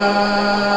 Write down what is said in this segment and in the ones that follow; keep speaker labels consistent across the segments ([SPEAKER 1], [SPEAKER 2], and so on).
[SPEAKER 1] Uh...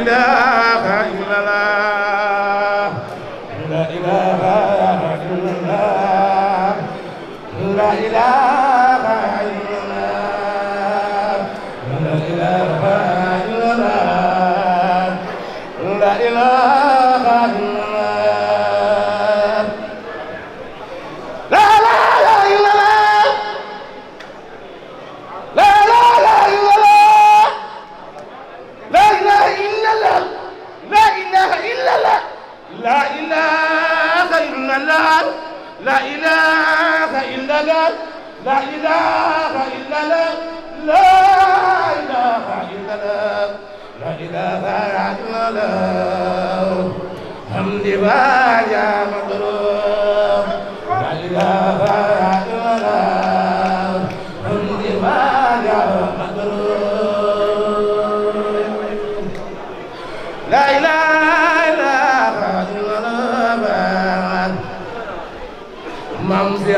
[SPEAKER 2] ila لا إله إلا لا لا إله إلا لا لا إله إلا لا حمد يا مظلوم لا إله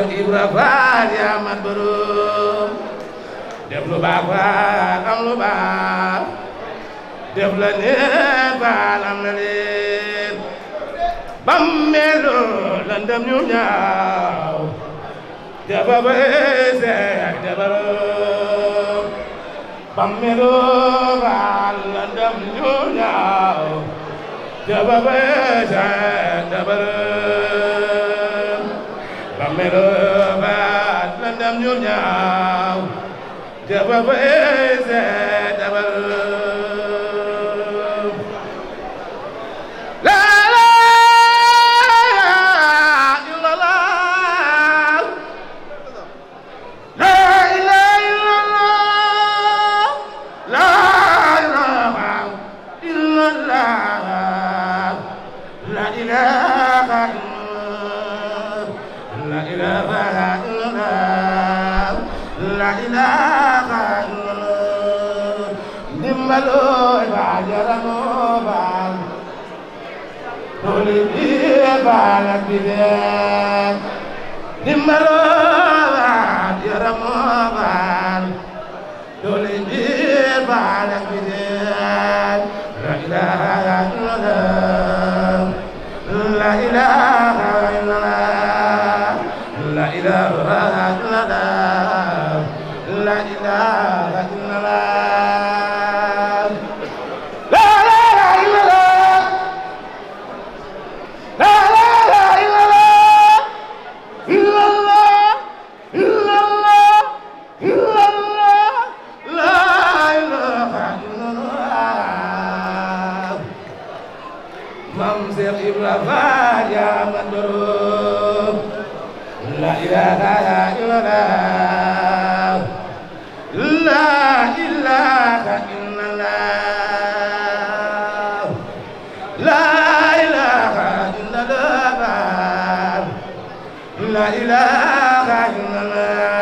[SPEAKER 2] Cheikh Ibra Faal yaa mat borom def lu baax faal am lu baax def la neen faal am na leen bam melo la ndam ñu ñaaw dafa bay seex dabarom bam melo faal la ndam ñu ñaaw dafa bay seex dabarom mero baat la ndam ñu ñaaw jafa fa eese dabal moo baal doole bi baal ak bi leer dimbaloo baal yara moo baal doole bi baal ak bi leer la ilaha illallah la ilaha illallah la ilaha illallah la ilaha illallah la ilaha illallah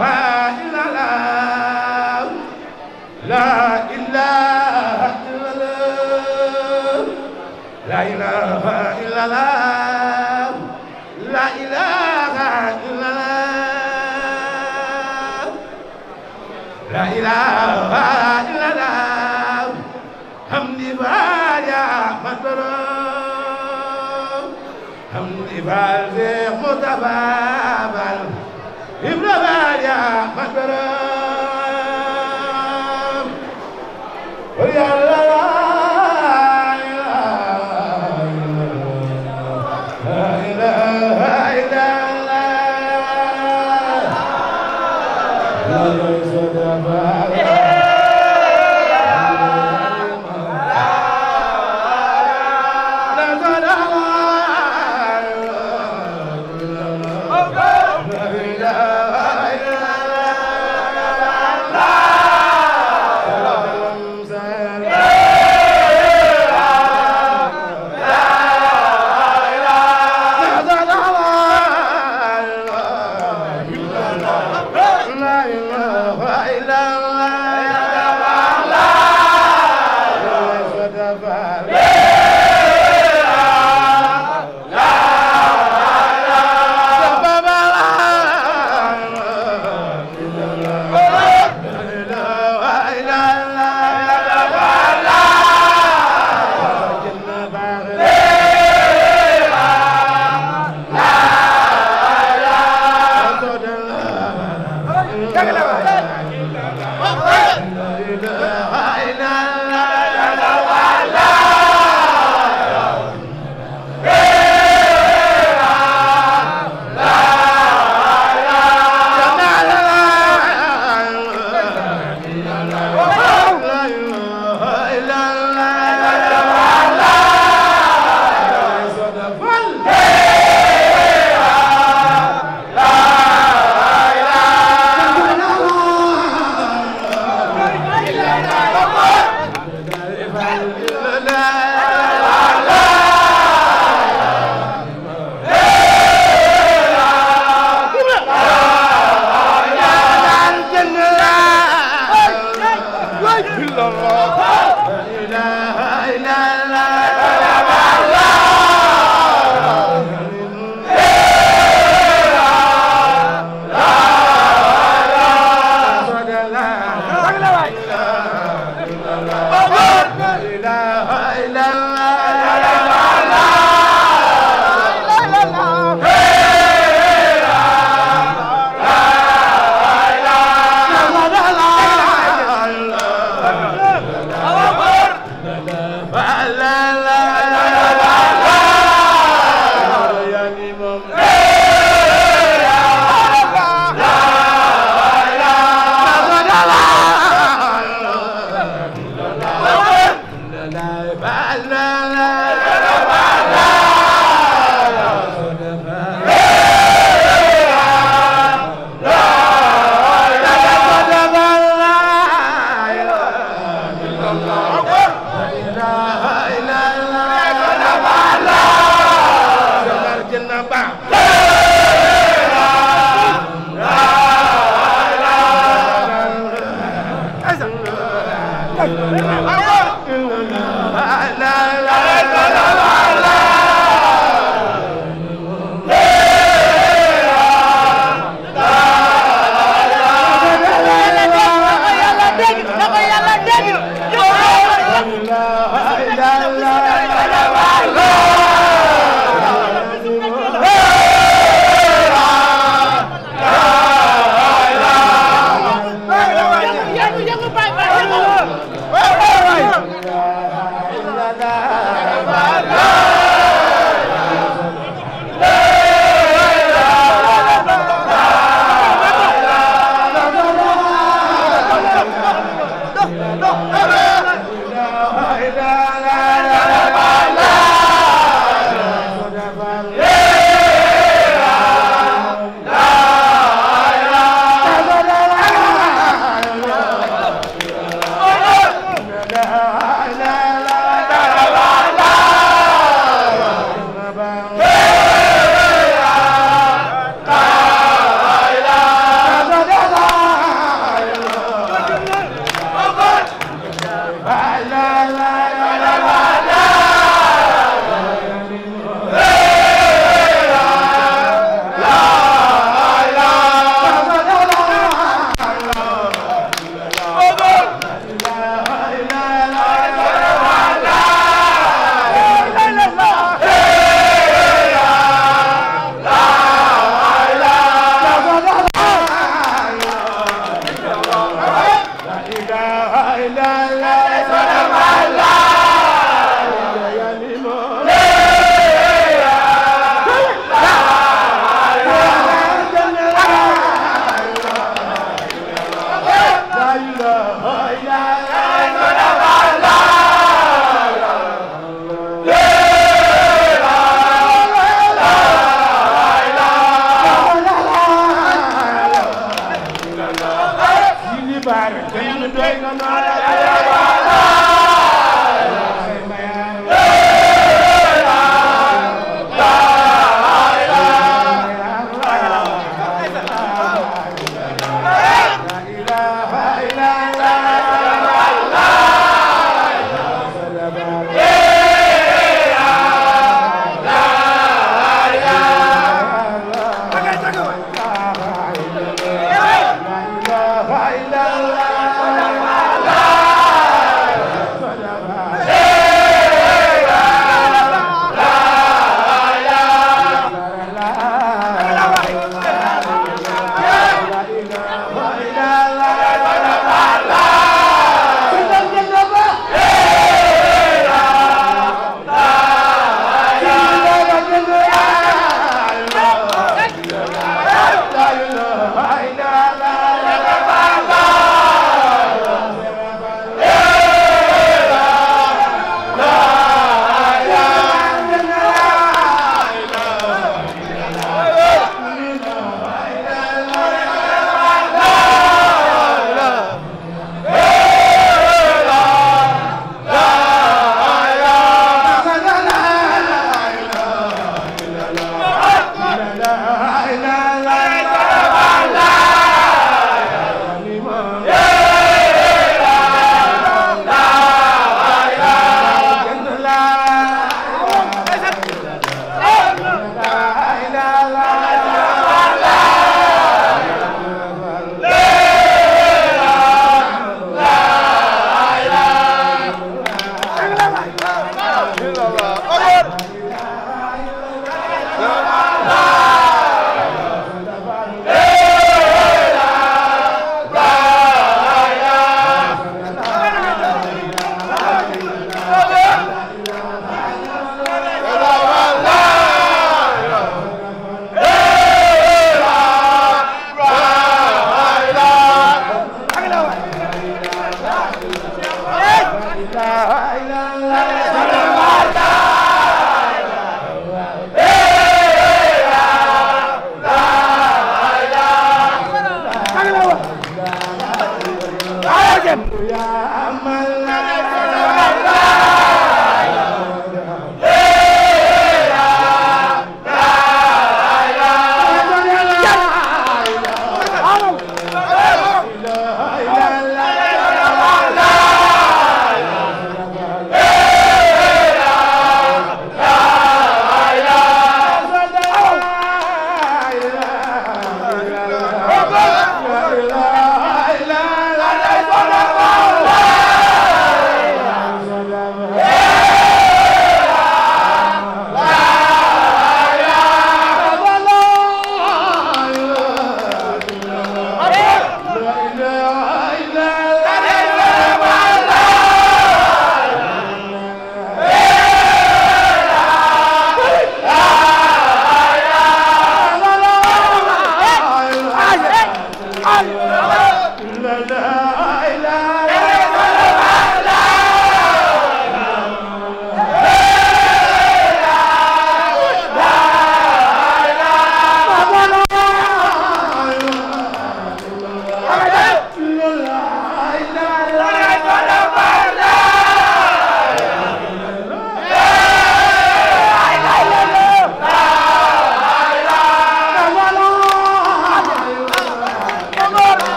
[SPEAKER 2] Mustafa